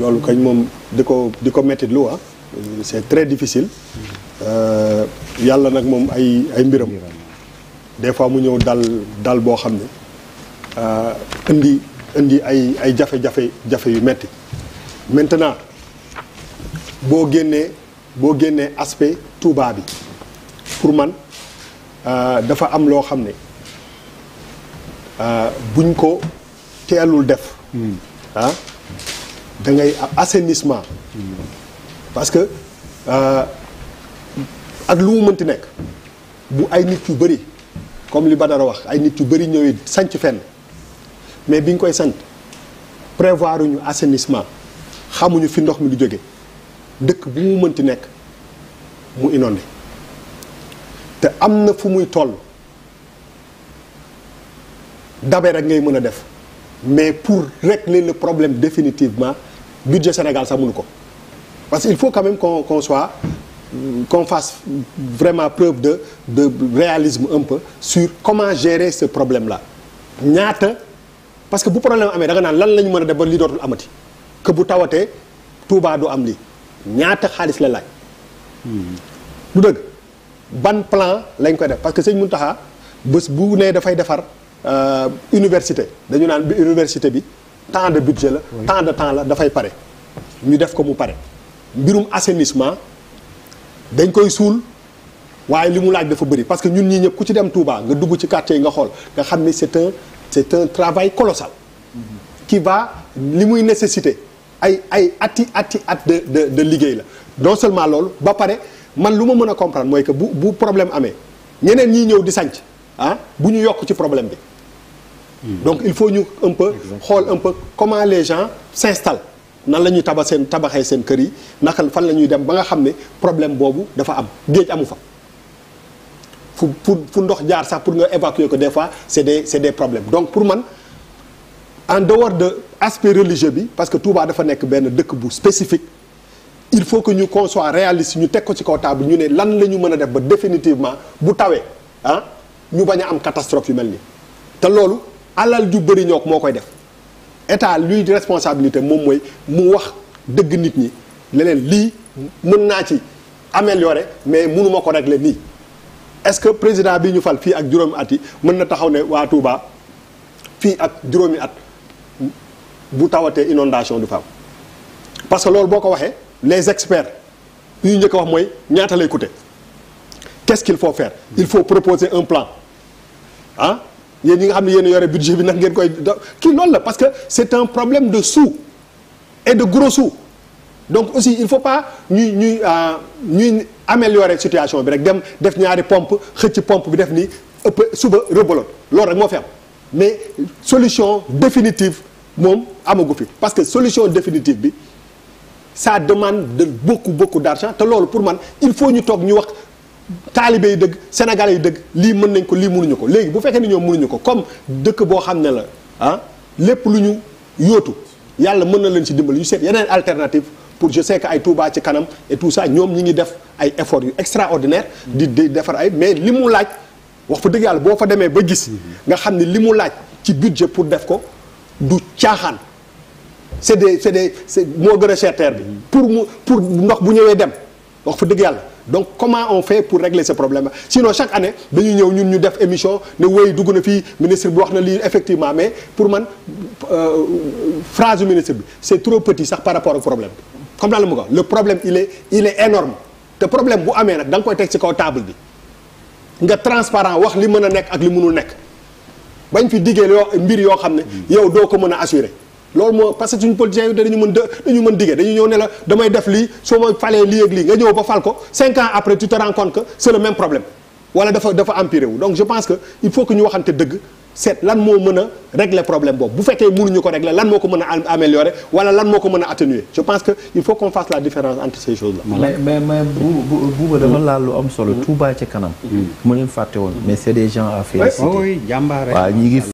loolu kañ moom di ko di ko métti lu ah c'est très difficile euh, yàlla nag moom ay ay mbiram des fois mu ñëw dal dal boo xam ne euh, indi indi ay ay jafe-jafe jafe yu metti maintenant boo génnee boo génnee aspect Touba bi pour man euh, dafa am loo xam ne buñ ko teelul def hmm. ah, da ngay assainissement parce que euh, ak lu mu mënti nekk bu ay nit yu bëri comme li Badara wax ay nit yu bëri ñëwee sanc fenn mais bi ñu koy sant prévoir ñu assainissement xamuñu fi ndox mi lu jóge dëkk bu mu mënti nekk mu inondé te am na fu muy toll dabe rek ngay mën a def mais pour régler le problème définitivement budget Sénégal sax mënu ko parce que il faut quand même qu'on qu'on vraiment preuve de de réalisme un peu sur comment gérer ce problème là ñaata parce que bu problème amee da naan lan lañu ñu mën a def ba li dootul amati que bu tawatee Touba du am lii ñaata xaalis la laaj lu dëgg ban plan lañ koy def parce que sëñ Mountakha bés bu ne dafay defar euh, université dañu naan université bi tant de budget la tant de temps la dafay pare ñu def ko mu pare mbirum assainissement dañ koy suul waaye li mu laaj dafa bëri parce que ñun ñii ñëpp ku ci dem Touba nga dugg ci quartier yi nga xool nga xam ni c'est un c'est un travail colossal qui va li muy nécessité ay ay atti atti at de de de liggéey la non seulement loolu ba pare man lu ma mën a comprendre mooy que bu bu problème amee ñeneen ñii ñëw di sanc ah bu ñu yokk ci problème bi Mm. donc il faut ñu un xool un comment les gens s'installent nan la ñuy tabax seen tabaxee seen kër yi naka fan la ñuy dem ba nga xam ne problème boobu dafa am géej amu fa fu fu fu ndox jaar sax pour nga évacuer ko des fois c'est des c'est des problèmes donc pour man en dehors de aspect religieux bi parce que Touba dafa nekk benn dëkk bu spécifique il faut que ñu qu'on soit ñu teg ko ci kaw table ñu ne lan la ñu mën a def ba définitivement bu tawee ah ñu bañ a am catastrophe yu mel nii te loolu alal ju bëri ñook moo koy def état luy responsabilité moom mooy mu wax dëgg nit ñi leneen lii mën naa ci améliorer mais munuma ko régler nii est-ce que président bi ñu fal fii ak juróomi at yi mën na taxaw ne waa Touba fii ak juróomi at bu tawatee inondation du fa parce que loolu boo ko waxee les experts yu njëkk a wax mooy ñaata lay coûter qu'est-ce qu'il faut faire il faut proposer un plan ah yéen ñi nga xam ne yéen yore budget bi nag ngeen koy kii loolu la parce que c'est un problème de sous et de gros sous donc aussi il faut pas ñuy ñuy euh, ñuy améliorer situation bi rek dem def ñaari pompe xëcc pompe bi def ni ëpp suba rebolote loolu rek moo fi am mais solution définitive moom amagu fi parce que solution définitive bi sa demande de bokk beaucoup d'argent te loolu pour man il faut ñu toog ñu wax taalibe yi dëgg sénégalais yi dëgg lii mën nañ ko lii mënuñu ko léegi bu fekkee ni ñoom mënuñu ko comme dëkk boo xam ne la ah lépp lu ñu yootu yàlla mën na leen si dimbali ñu seet yeneen alternative pour je sais que ay Touba ci kanam et tout sax ñoom ñi ngi def ay efforts yu extraordinaire di di defar ay mais li mu laaj wax fa dëgg yàlla boo fa demee ba gis nga xam ne li mu laaj ci budget pour def ko du caaxaan c'est des c'est des moo gën a cher bi pour mu pour ndox bu ñëwee dem wax fa dëgg yàlla donc comment on fait pour régler sa problème sinon chaque année dañuy ñëw ñun ñu def émission ne woy dugg na fii ministre bi wax na lii effectivement mais pour man euh, phrase du ministre bi c'est trop petit sax par rapport au problème comme daal la mu ko le problème il est il est énorme te problème bu amee nag da nga koy teg ci kaw table bi nga transparent wax li mën a nekk ak li mënul nekk bañ fi diggee mbir yoo xam ne mm. yow doo ko mën a assurer loolu moo parce que suñu politiciens yi dañu mën dañu mën dige dañu ñëw ne damay def lii soo ma falee lii ak lii nga ñëw ba fal ko cinq ans après tu te rends compte que c'est le même problème wala dafa dafa empiré wu donc je pense que il faut que ñu waxante dëgg seet lan moo mën a régler problème boobu bu fekkee mënuñu ko régler lan moo ko mën a améliorer wala lan moo ko mën a atténuer je pense que il faut qu'on fasse la différence entre ces choses là. mais mais mais Bouba hmm. dama laal lu am solo. Hmm. Touba ci kanam. Hmm. mu leen fàtte woon mais c'est des gens